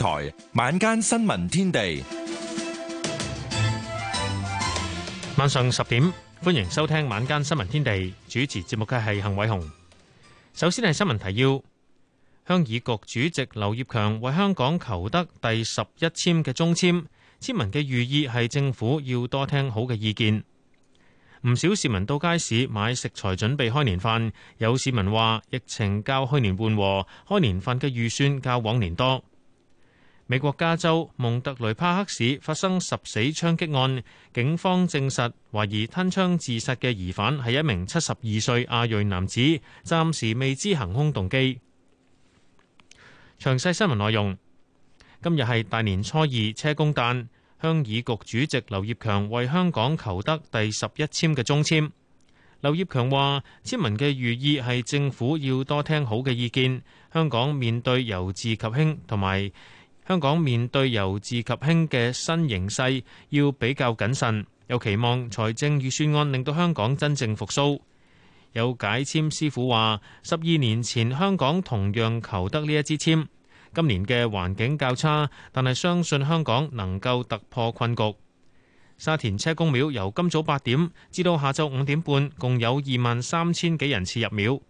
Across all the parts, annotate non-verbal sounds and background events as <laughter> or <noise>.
台晚間新聞天地，晚上十點歡迎收聽晚間新聞天地，主持節目嘅係幸偉雄。首先係新聞提要，鄉議局主席劉業強為香港求得第十一籤嘅中籤，籤文嘅寓意係政府要多聽好嘅意見。唔少市民到街市買食材，準備開年飯。有市民話，疫情較去年緩和，開年飯嘅預算較往年多。美國加州蒙特雷帕克市發生十死槍擊案，警方證實懷疑吞槍自殺嘅疑犯係一名七十二歲亞裔男子，暫時未知行兇動機。詳細新聞內容，今日係大年初二車彈，車公誕，鄉議局主席劉業強為香港求得第十一籤嘅中籤。劉業強話：籤文嘅寓意係政府要多聽好嘅意見。香港面對由治及興同埋。香港面對由治及興嘅新形勢，要比較謹慎，有期望財政預算案令到香港真正復甦。有解簽師傅話，十二年前香港同樣求得呢一支簽，今年嘅環境較差，但係相信香港能夠突破困局。沙田車公廟由今早八點至到下晝五點半，共有二萬三千幾人次入廟。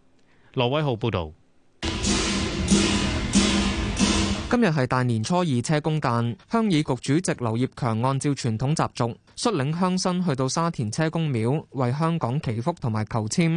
羅偉浩報導。今日係大年初二車，車公誕，鄉議局主席劉業強按照傳統習俗率領鄉紳去到沙田車公廟為香港祈福，同埋求簽。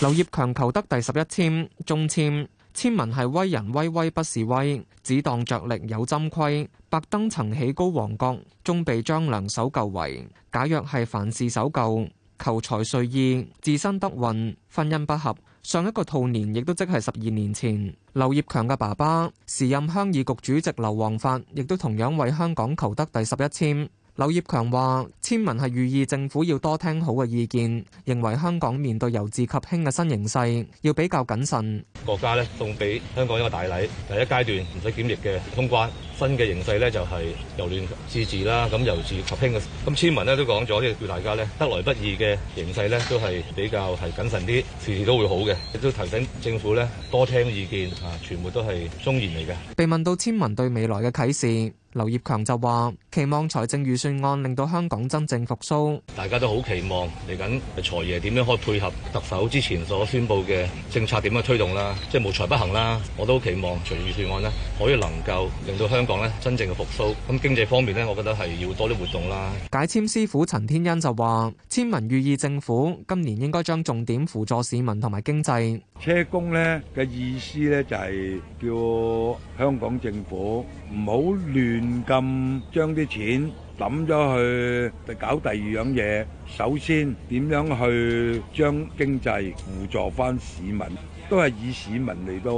劉 <noise> 業強求得第十一簽，中簽簽文係：威人威威不是威，只當着力有針規。白登曾起高皇閣，終被張良守舊圍。假若係凡事守舊，求財隨意，自身得運，婚姻不合。上一個兔年亦都即係十二年前。劉業強嘅爸爸，時任鄉議局主席劉皇發，亦都同樣為香港求得第十一簽。劉業強話：簽文係寓意政府要多聽好嘅意見，認為香港面對由治及興嘅新形勢，要比較謹慎。國家咧送俾香港一個大禮，第一階段唔使檢疫嘅通關，新嘅形勢呢就係、是、由亂自治啦。咁由治及興嘅，咁簽文咧都講咗，即係叫大家咧得來不易嘅形勢咧都係比較係謹慎啲，事事都會好嘅。亦都提醒政府咧多聽意見，啊，全部都係忠言嚟嘅。被問到簽文對未來嘅啟示。劉業強就話：期望財政預算案令到香港真正復甦，大家都好期望嚟緊財爺點樣可以配合特首之前所宣佈嘅政策點樣推動啦，即係無財不行啦。我都好期望財政預算案呢，可以能夠令到香港呢真正嘅復甦。咁經濟方面呢，我覺得係要多啲活動啦。解簽師傅陳天恩就話：簽文寓意政府今年應該將重點輔助市民同埋經濟。車工呢嘅意思呢，就係叫香港政府唔好亂。嚴禁將啲錢揼咗去搞第二樣嘢。首先點樣去將經濟輔助翻市民，都係以市民嚟到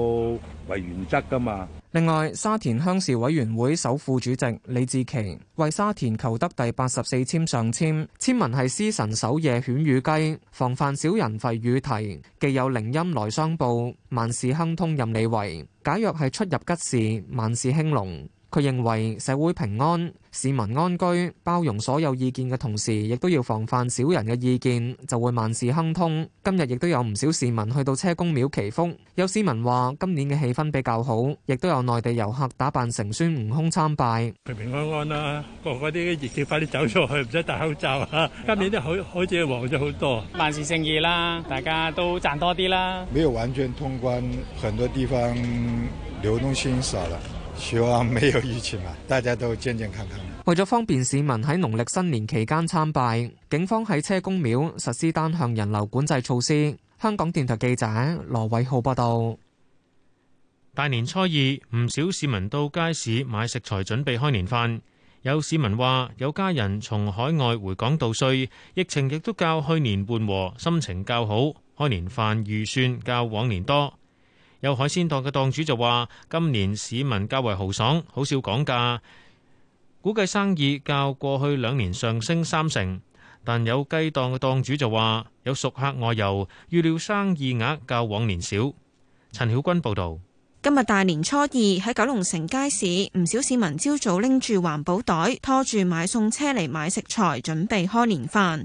為原則㗎嘛。另外，沙田鄉事委員會首副主席李志奇為沙田求得第八十四簽上籤，簽文係：司神守夜犬與雞，防範小人吠與啼，既有靈音來相報，萬事亨通任你為。假若係出入吉時，萬事興隆。佢認為社會平安、市民安居，包容所有意見嘅同時，亦都要防範小人嘅意見，就會萬事亨通。今日亦都有唔少市民去到車公廟祈福，有市民話：今年嘅氣氛比較好，亦都有內地遊客打扮成孫悟空參拜。平平安安啦、啊，個個啲疫情快啲走出去，唔使戴口罩、啊。今年都好好似旺咗好多，萬事勝意啦，大家都賺多啲啦。沒有完全通關，很多地方流動性少了。希望沒有疫情嘛，大家都健健康康。為咗方便市民喺農曆新年期間參拜，警方喺車公廟實施單向人流管制措施。香港電台記者羅偉浩報道。大年初二，唔少市民到街市買食材準備開年飯，有市民話有家人從海外回港度歲，疫情亦都較去年緩和，心情較好，開年飯預算較往年多。有海鮮檔嘅檔主就話：今年市民較為豪爽，好少講價，估計生意較過去兩年上升三成。但有雞檔嘅檔主就話：有熟客外遊，預料生意額較往年少。陳曉君報道：今日大年初二喺九龍城街市，唔少市民朝早拎住環保袋，拖住買餸車嚟買食材，準備開年飯。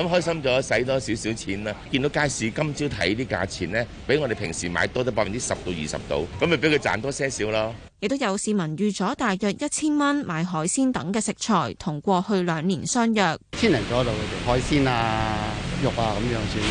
咁開心咗，使多少少錢啦！見到街市今朝睇啲價錢咧，比我哋平時買多咗百分之十到二十度，咁咪俾佢賺多些少咯。亦都有市民預咗大約一千蚊買海鮮等嘅食材，同過去兩年相若。千零左右嘅海鮮啊、肉啊咁樣算，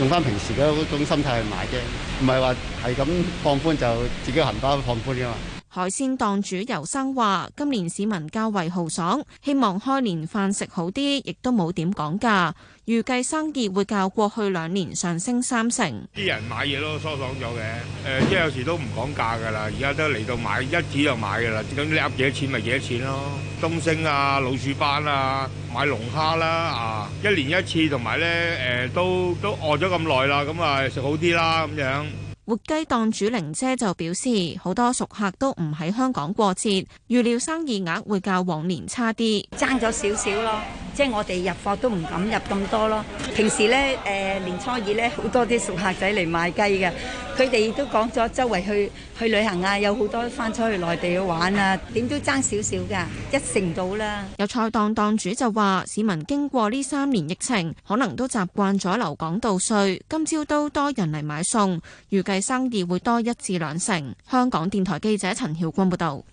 用翻平時嘅嗰種心態去買啫。唔係話係咁放寬就自己行銀包放寬噶嘛。海鮮檔主尤生話，今年市民較為豪爽，希望開年飯食好啲，亦都冇點講價，預計生意會較過去兩年上升三成。啲人買嘢都疏爽咗嘅，誒、呃，即係有時都唔講價噶啦，而家都嚟到買一指就買噶啦，想你揦幾多錢咪幾多錢咯。東星啊、老鼠斑啊、買龍蝦啦啊，一年一次，同埋咧誒，都都餓咗咁耐啦，咁啊食好啲啦咁樣。活雞檔主玲姐就表示，好多熟客都唔喺香港過節，預料生意額會較往年差啲，爭咗少少囉。即係我哋入貨都唔敢入咁多咯。平時咧，誒年初二咧，好多啲熟客仔嚟買雞嘅，佢哋都講咗，周圍去去旅行啊，有好多翻出去內地去玩啊，點都爭少少㗎，一成到啦。有菜檔檔主就話：市民經過呢三年疫情，可能都習慣咗留港度歲，今朝都多人嚟買餸，預計生意會多一至兩成。香港電台記者陳曉君報道。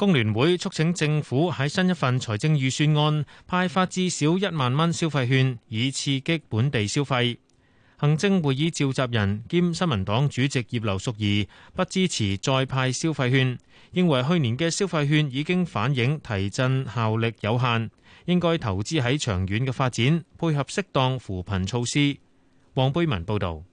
工聯會促請政府喺新一份財政預算案派發至少一萬蚊消費券，以刺激本地消費。行政會議召集人兼新民黨主席葉劉淑儀不支持再派消費券，認為去年嘅消費券已經反映提振效力有限，應該投資喺長遠嘅發展，配合適當扶貧措施。黃貝文報導。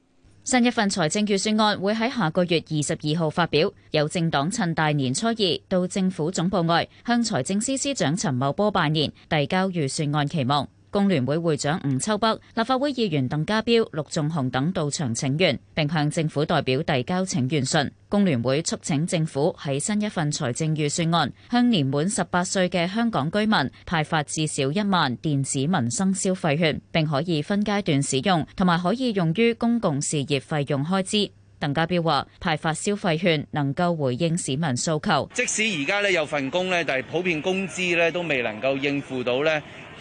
新一份財政預算案會喺下個月二十二號發表，有政黨趁大年初二到政府總部外向財政司司長陳茂波拜年，遞交預算案期望。工聯會會長吳秋北、立法會議員鄧家彪、陸頌雄等到場請願，並向政府代表遞交請願信。工聯會促請政府喺新一份財政預算案，向年滿十八歲嘅香港居民派發至少一萬電子民生消費券，並可以分階段使用，同埋可以用於公共事業費用開支。鄧家彪話：派發消費券能夠回應市民訴求，即使而家呢有份工呢，但係普遍工資呢都未能夠應付到呢，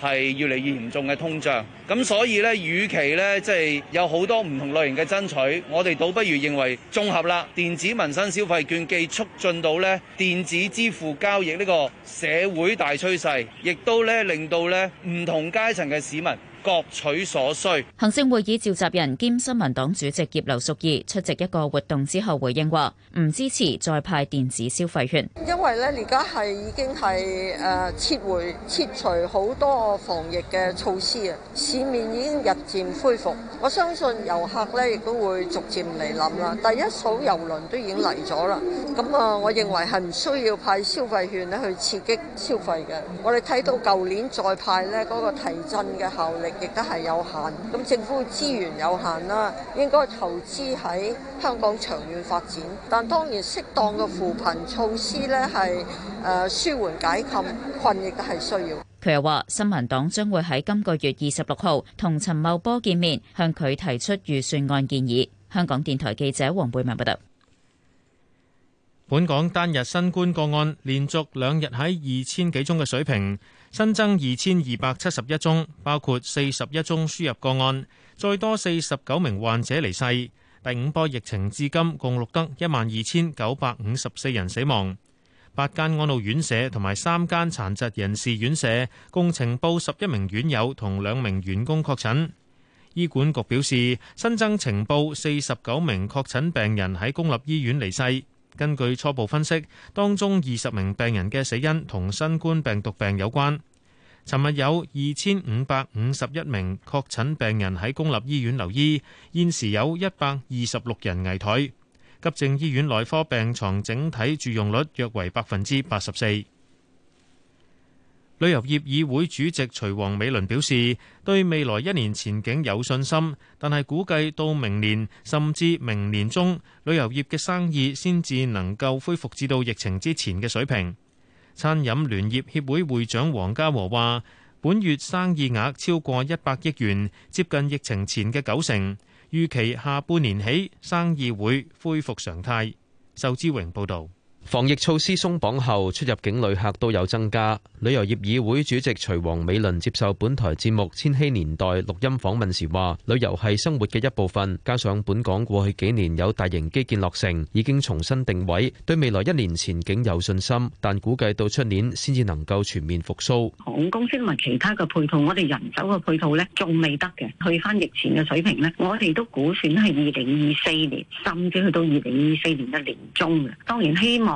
係越嚟越嚴重嘅通脹，咁所以呢，與其呢，即係有好多唔同類型嘅爭取，我哋倒不如認為綜合啦。電子民生消費券既促進到呢電子支付交易呢個社會大趨勢，亦都呢令到呢唔同階層嘅市民。各取所需。行政會議召集人兼新民黨主席葉劉淑儀出席一個活動之後回應話唔支持再派電子消費券，因為咧而家係已經係誒撤回撤除好多防疫嘅措施啊，市面已經日漸恢復，我相信遊客咧亦都會逐漸嚟諗啦。第一艘遊輪都已經嚟咗啦，咁啊，我認為係唔需要派消費券咧去刺激消費嘅。我哋睇到舊年再派咧嗰個提振嘅效力，亦都係有限，咁政府資源有限啦，應該投資喺香港長遠發展。但當然適當嘅扶貧措施咧，係誒舒緩解禁困亦都係需要。佢又話，新民黨將會喺今個月二十六號同陳茂波見面，向佢提出預算案建議。香港電台記者黃貝文報道。本港單日新冠個案連續兩日喺二千幾宗嘅水平。新增二千二百七十一宗，包括四十一宗輸入個案，再多四十九名患者離世。第五波疫情至今共錄得一萬二千九百五十四人死亡。八間安老院舍同埋三間殘疾人士院舍共呈報十一名院友同兩名員工確診。醫管局表示，新增呈報四十九名確診病人喺公立醫院離世。根據初步分析，當中二十名病人嘅死因同新冠病毒病有關。尋日有二千五百五十一名確診病人喺公立醫院留醫，現時有一百二十六人危殆。急症醫院內科病床整體住用率約為百分之八十四。旅遊業議會主席徐王美倫表示，對未來一年前景有信心，但係估計到明年甚至明年中，旅遊業嘅生意先至能夠恢復至到疫情之前嘅水平。餐飲聯業協會會長黃家和話，本月生意額超過一百億元，接近疫情前嘅九成，預期下半年起生意會恢復常態。仇志榮報道。防疫措施鬆綁後，出入境旅客都有增加。旅遊業議會主席徐王美倫接受本台節目《千禧年代》錄音訪問時話：旅遊係生活嘅一部分，加上本港過去幾年有大型基建落成，已經重新定位，對未來一年前景有信心。但估計到出年先至能夠全面復蘇。航空公司同埋其他嘅配套，我哋人手嘅配套咧，仲未得嘅，去翻疫前嘅水平咧。我哋都估算係二零二四年，甚至去到二零二四年嘅年中嘅。當然希望。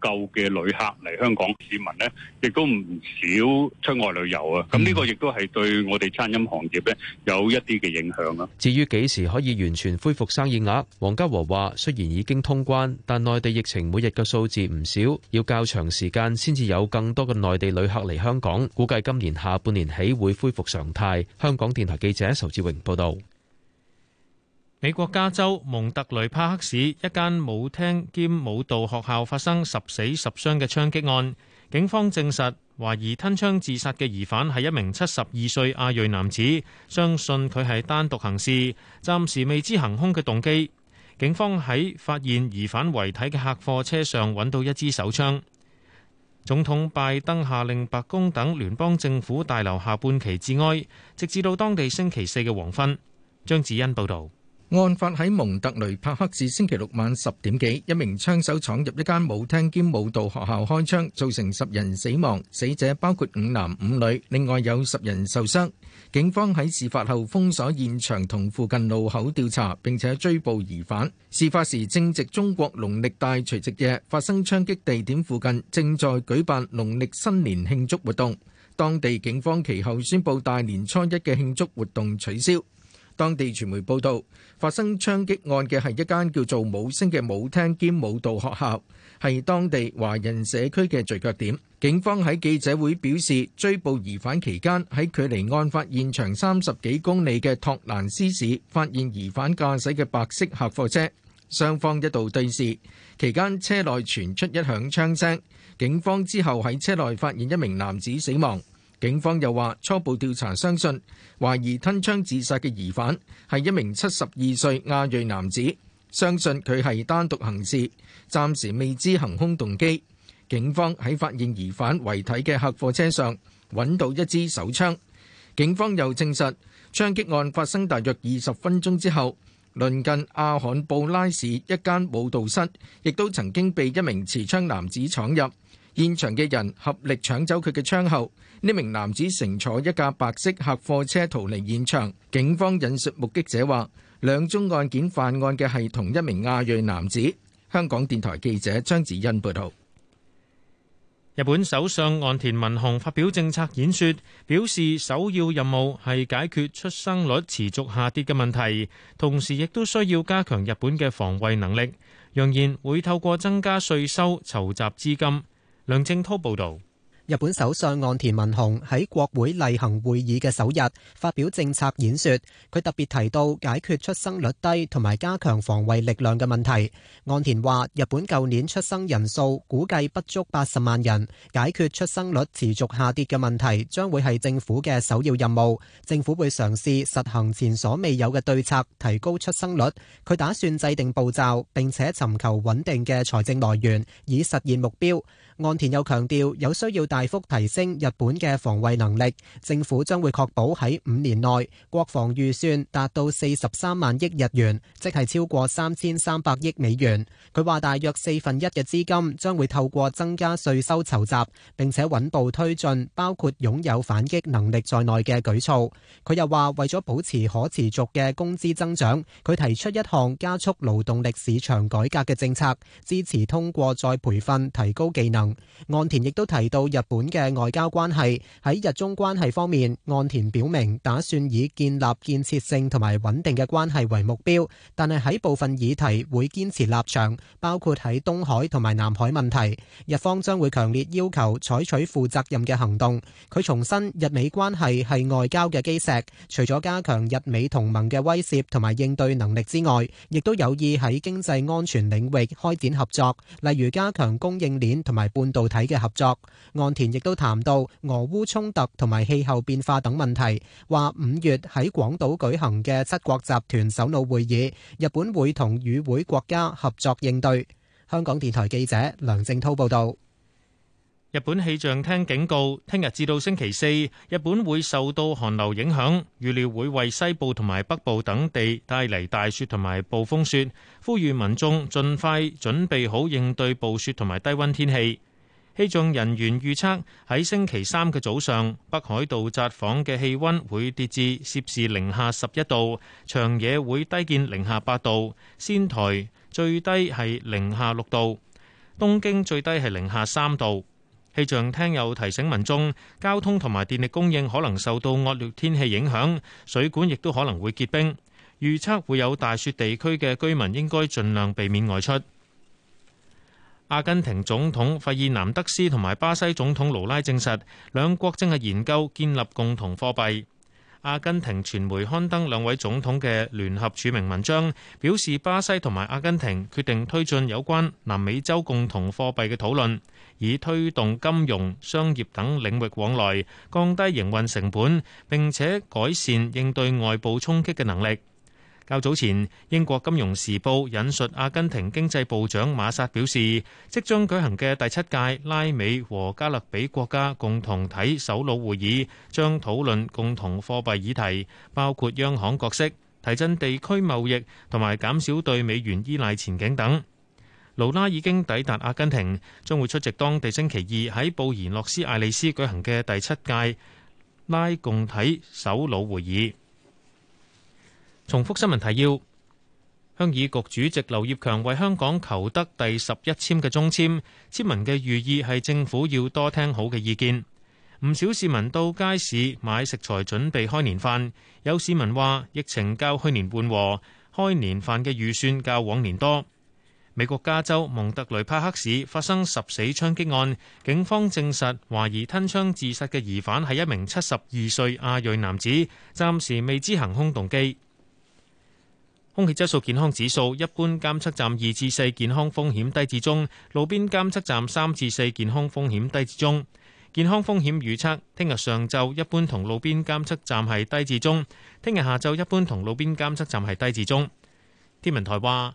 夠嘅旅客嚟香港，市民呢亦都唔少出外旅遊啊。咁呢個亦都係對我哋餐飲行業呢有一啲嘅影響啊。至於幾時可以完全恢復生意額，黃家和話，雖然已經通關，但內地疫情每日嘅數字唔少，要較長時間先至有更多嘅內地旅客嚟香港。估計今年下半年起會恢復常態。香港電台記者仇志榮報道。美國加州蒙特雷帕克市一間舞廳兼舞蹈學校發生十死十傷嘅槍擊案，警方證實懷疑吞槍自殺嘅疑犯係一名七十二歲亞裔男子，相信佢係單獨行事，暫時未知行兇嘅動機。警方喺發現疑犯遺體嘅客貨車上揾到一支手槍。總統拜登下令白宮等聯邦政府大樓下半旗致哀，直至到當地星期四嘅黃昏。張子欣報道。案發喺蒙特雷帕克市星期六晚十點幾，一名槍手闖入一間舞廳兼舞蹈學校開槍，造成十人死亡，死者包括五男五女，另外有十人受傷。警方喺事發後封鎖現場同附近路口調查，並且追捕疑犯。事發時正值中國農曆大除夕夜，發生槍擊地點附近正在舉辦農曆新年慶祝活動。當地警方其後宣布大年初一嘅慶祝活動取消。當地傳媒報道，發生槍擊案嘅係一間叫做舞星嘅舞廳兼舞蹈學校，係當地華人社區嘅聚腳點。警方喺記者會表示，追捕疑犯期間喺距離案發現場三十幾公里嘅托蘭斯市發現疑犯駕駛嘅白色客貨車，雙方一度對峙，期間車內傳出一響槍聲。警方之後喺車內發現一名男子死亡。警方又話，初步調查相信懷疑吞槍自殺嘅疑犯係一名七十二歲亞裔男子，相信佢係單獨行事，暫時未知行兇動機。警方喺發現疑犯遺體嘅客貨車上揾到一支手槍。警方又證實，槍擊案發生大約二十分鐘之後，鄰近亞罕布拉市一間舞蹈室亦都曾經被一名持槍男子闖入。現場嘅人合力搶走佢嘅槍後，呢名男子乘坐一架白色客貨車逃離現場。警方引述目擊者話：兩宗案件犯案嘅係同一名亞裔男子。香港電台記者張子欣報導。日本首相岸田文雄發表政策演說，表示首要任務係解決出生率持續下跌嘅問題，同時亦都需要加強日本嘅防衛能力，揚言會透過增加稅收，籌集資金。梁正濤報道，日本首相岸田文雄喺國會例行會議嘅首日發表政策演說。佢特別提到解決出生率低同埋加強防衛力量嘅問題。岸田話，日本舊年出生人數估計不足八十萬人，解決出生率持續下跌嘅問題將會係政府嘅首要任務。政府會嘗試實行前所未有嘅對策，提高出生率。佢打算制定步驟，並且尋求穩定嘅財政來源，以實現目標。岸田又強調，有需要大幅提升日本嘅防衛能力，政府將會確保喺五年內國防預算達到四十三萬億日元，即係超過三千三百億美元。佢話，大約四分一嘅資金將會透過增加稅收籌集，並且穩步推進包括擁有反擊能力在內嘅舉措。佢又話，為咗保持可持續嘅工資增長，佢提出一項加速勞動力市場改革嘅政策，支持通過再培訓提高技能。岸田亦都提到日本嘅外交關係，喺日中關係方面，岸田表明打算以建立建設性同埋穩定嘅關係為目標，但係喺部分議題會堅持立場，包括喺東海同埋南海問題，日方將會強烈要求採取負責任嘅行動。佢重申日美關係係外交嘅基石，除咗加強日美同盟嘅威懾同埋應對能力之外，亦都有意喺經濟安全領域開展合作，例如加強供應鏈同埋。半導體嘅合作，岸田亦都談到俄烏衝突同埋氣候變化等問題，話五月喺廣島舉行嘅七國集團首腦會議，日本會同與會國家合作應對。香港電台記者梁正濤報道。日本氣象廳警告，聽日至到星期四，日本會受到寒流影響，預料會為西部同埋北部等地帶嚟大雪同埋暴風雪，呼籲民眾盡快準備好應對暴雪同埋低溫天氣。氣象人員預測喺星期三嘅早上，北海道札幌嘅氣溫會跌至攝氏零下十一度，長野會低見零下八度，仙台最低係零下六度，東京最低係零下三度。氣象廳又提醒民眾，交通同埋電力供應可能受到惡劣天氣影響，水管亦都可能會結冰。預測會有大雪地區嘅居民應該盡量避免外出。阿根廷總統費爾南德斯同埋巴西總統盧拉證實，兩國正係研究建立共同貨幣。阿根廷傳媒刊登兩位總統嘅聯合署名文章，表示巴西同埋阿根廷決定推進有關南美洲共同貨幣嘅討論，以推動金融、商業等領域往來，降低營運成本，並且改善應對外部衝擊嘅能力。較早前，英國金融時報引述阿根廷經濟部長馬薩表示，即將舉行嘅第七屆拉美和加勒比國家共同體首腦會議將討論共同貨幣議題，包括央行角色、提振地區貿易同埋減少對美元依賴前景等。盧拉已經抵達阿根廷，將會出席當地星期二喺布宜諾斯艾利斯舉行嘅第七屆拉共體首腦會議。重複新聞提要：鄉議局主席劉業強為香港求得第十一籤嘅中籤，籤文嘅寓意係政府要多聽好嘅意見。唔少市民到街市買食材，準備開年飯。有市民話，疫情較去年緩和，開年飯嘅預算較往年多。美國加州蒙特雷帕克市發生十死槍擊案，警方證實懷疑吞槍自殺嘅疑犯係一名七十二歲亞裔男子，暫時未知行凶動機。空氣質素健康指數，一般監測站二至四，4，健康風險低至中；路邊監測站三至四，4，健康風險低至中。健康風險預測，聽日上晝一般同路邊監測站係低至中，聽日下晝一般同路邊監測站係低至中。天文台話，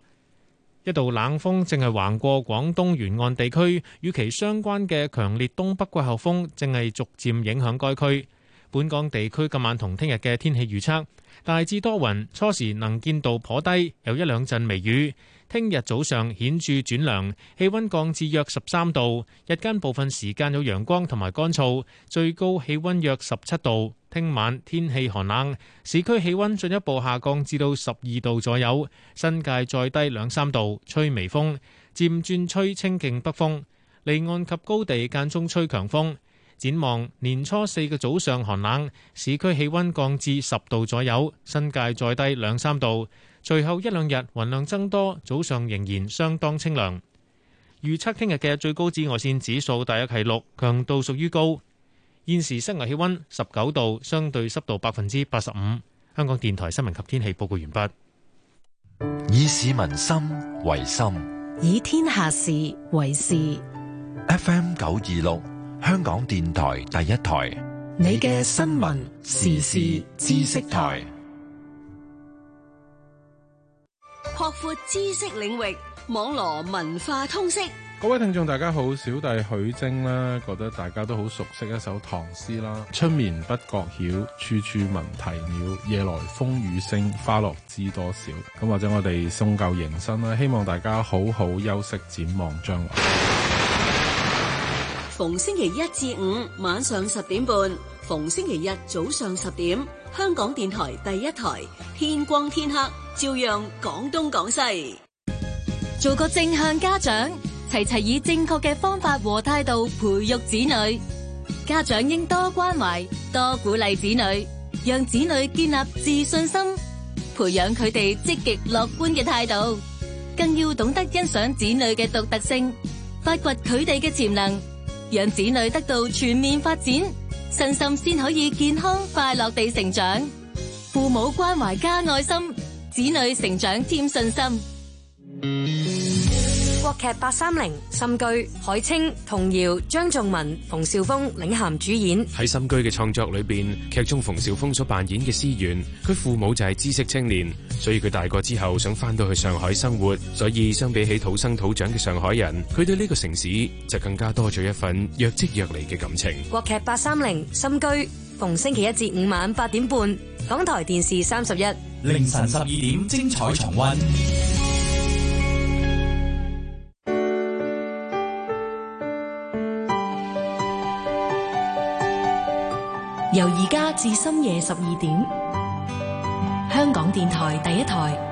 一道冷鋒正係橫過廣東沿岸地區，與其相關嘅強烈東北季候風正係逐漸影響該區。本港地區今晚同聽日嘅天氣預測。大致多雲，初時能見度頗低，有一兩陣微雨。聽日早上顯著轉涼，氣溫降至約十三度，日間部分時間有陽光同埋乾燥，最高氣溫約十七度。聽晚天氣寒冷，市區氣溫進一步下降至到十二度左右，新界再低兩三度，吹微風，漸轉吹清勁北風，離岸及高地間中吹強風。展望年初四嘅早上寒冷，市區氣溫降至十度左右，新界再低兩三度。隨後一兩日雲量增多，早上仍然相當清涼。預測聽日嘅最高紫外線指數大約係六，強度屬於高。現時室外氣溫十九度，相對濕度百分之八十五。香港電台新聞及天氣報告完畢。以市民心為心，以天下事為事。FM 九二六。香港電台第一台，你嘅新聞時事知識台，擴闊知識領域，網羅文化通識。各位聽眾大家好，小弟許晶啦，覺得大家都好熟悉一首唐詩啦：春眠不覺曉，處處聞啼鳥。夜來風雨聲，花落知多少。咁或者我哋送舊迎新啦，希望大家好好休息，展望將來。 <laughs> 逢星期一至五晚上十點半，逢星期日早上十點，香港電台第一台，天光天黑照樣講東講西。做個正向家長，齊齊以正確嘅方法和態度培育子女。家長應多關懷、多鼓勵子女，讓子女建立自信心，培養佢哋積極樂觀嘅態度，更要懂得欣賞子女嘅獨特性，發掘佢哋嘅潛能。讓子女得到全面發展，身心先可以健康快樂地成長。父母關懷加愛心，子女成長添信心。國劇八三零心居，海清、童瑤、張頌文、馮紹峰領銜主演。喺心居嘅創作裏邊，劇中馮紹峰所扮演嘅施源，佢父母就係知識青年，所以佢大個之後想翻到去上海生活，所以相比起土生土長嘅上海人，佢對呢個城市就更加多咗一份若即若離嘅感情。國劇八三零心居，逢星期一至五晚八點半，港台電視三十一，凌晨十二點精彩重溫。由而家至深夜十二點，香港電台第一台。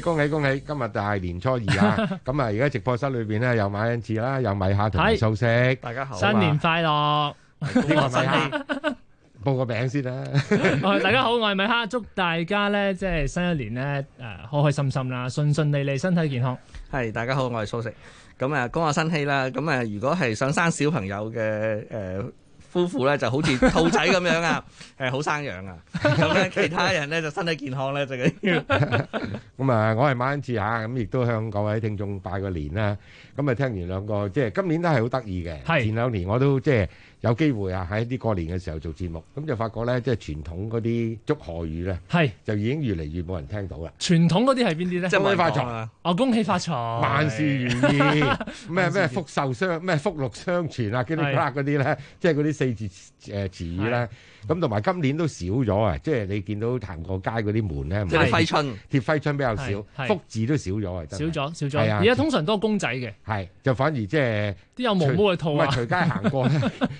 恭喜恭喜！今日大年初二啊，咁啊，而家直播室裏邊咧又米哈啦，又米哈同埋素食，大家好，新年快樂，恭喜恭喜，米蝦，報個名先啦！大家好，我係米蝦，祝大家咧即係新一年咧誒，開開心心啦，順順利利，身體健康。係大家好，我係素食，咁啊，恭賀新禧啦！咁啊，如果係想生小朋友嘅誒。夫婦咧就好似兔仔咁樣啊，誒好生養啊，咁咧其他人咧 <laughs> 就身體健康咧最緊要。咁啊，我係晚一次吓，咁亦都向各位聽眾拜個年啦。咁啊，聽完兩個，即係今年都係好得意嘅。是前兩年我都即係。就是有機會啊！喺啲過年嘅時候做節目，咁就發覺咧，即係傳統嗰啲祝賀語咧，就已經越嚟越冇人聽到啦。傳統嗰啲係邊啲咧？恭喜發財，哦，恭喜發財，萬事如意，咩咩福壽相，咩福祿相傳啊，嗰啲咧，即係嗰啲四字誒詞語咧。咁同埋今年都少咗啊！即係你見到行過街嗰啲門咧，即係揮春，貼揮春比較少，福字都少咗啊！少咗少咗，而家通常多公仔嘅，係就反而即係啲有毛毛嘅兔。啊！唔係隨街行過咧，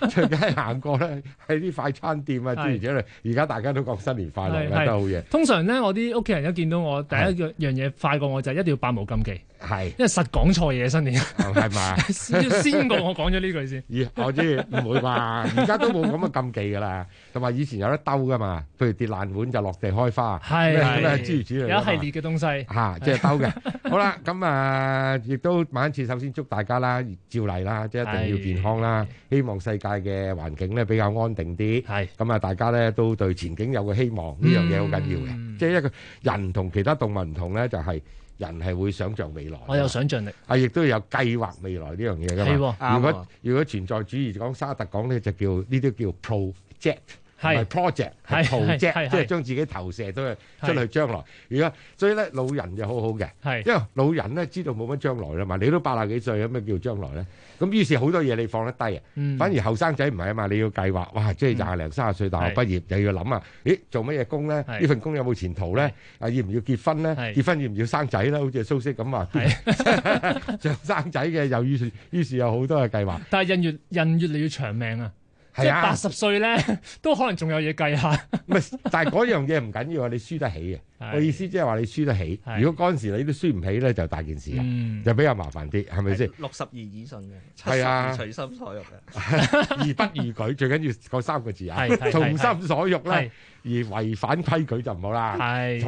隨街行過咧，喺啲快餐店啊諸如此類。而家大家都講新年快樂，都好嘢。通常咧，我啲屋企人一見到我第一樣嘢快過我就一定要百無禁忌，係因為實講錯嘢新年係嘛？先過我講咗呢句先。咦？我知唔會啩？而家都冇咁嘅禁忌㗎啦。同埋以前有得兜㗎嘛，譬如跌爛碗就落地開花，咁啊諸如此類，一系列嘅東西吓，即係兜嘅。好啦，咁啊，亦都晚一次首先祝大家啦，照例啦，即係一定要健康啦，希望世界嘅環境咧比較安定啲。係咁啊，大家咧都對前景有個希望，呢樣嘢好緊要嘅。即係一個人同其他動物唔同咧，就係人係會想像未來，我有想像力啊，亦都有計劃未來呢樣嘢㗎嘛。如果如果存在主義講，沙特講咧就叫呢啲叫 project。係 project，係 project，即係將自己投射到出去將來。如果所以咧，老人就好好嘅，因為老人咧知道冇乜將來啦嘛。你都八十幾歲，有咩叫將來咧？咁於是好多嘢你放得低啊。反而後生仔唔係啊嘛，你要計劃哇，即係廿零三十歲大學畢業又要諗啊。咦，做乜嘢工咧？呢份工有冇前途咧？啊，要唔要結婚咧？結婚要唔要生仔咧？好似蘇軾咁話，生仔嘅，又於是於是有好多嘅計劃。但係人越人越嚟越長命啊！係啊，八十歲咧，都可能仲有嘢計下。唔係，但係嗰樣嘢唔緊要啊！你輸得起嘅，我是意思即係話你輸得起。是如果嗰陣時你都輸唔起咧，就大件事啦，嗯、就比較麻煩啲，係咪先？六十而耳順嘅，係啊，隨心所欲嘅，啊，而不逾矩。最緊要嗰三個字啊，從 <laughs> 是心所欲咧，是而違反規矩就唔好啦。係是。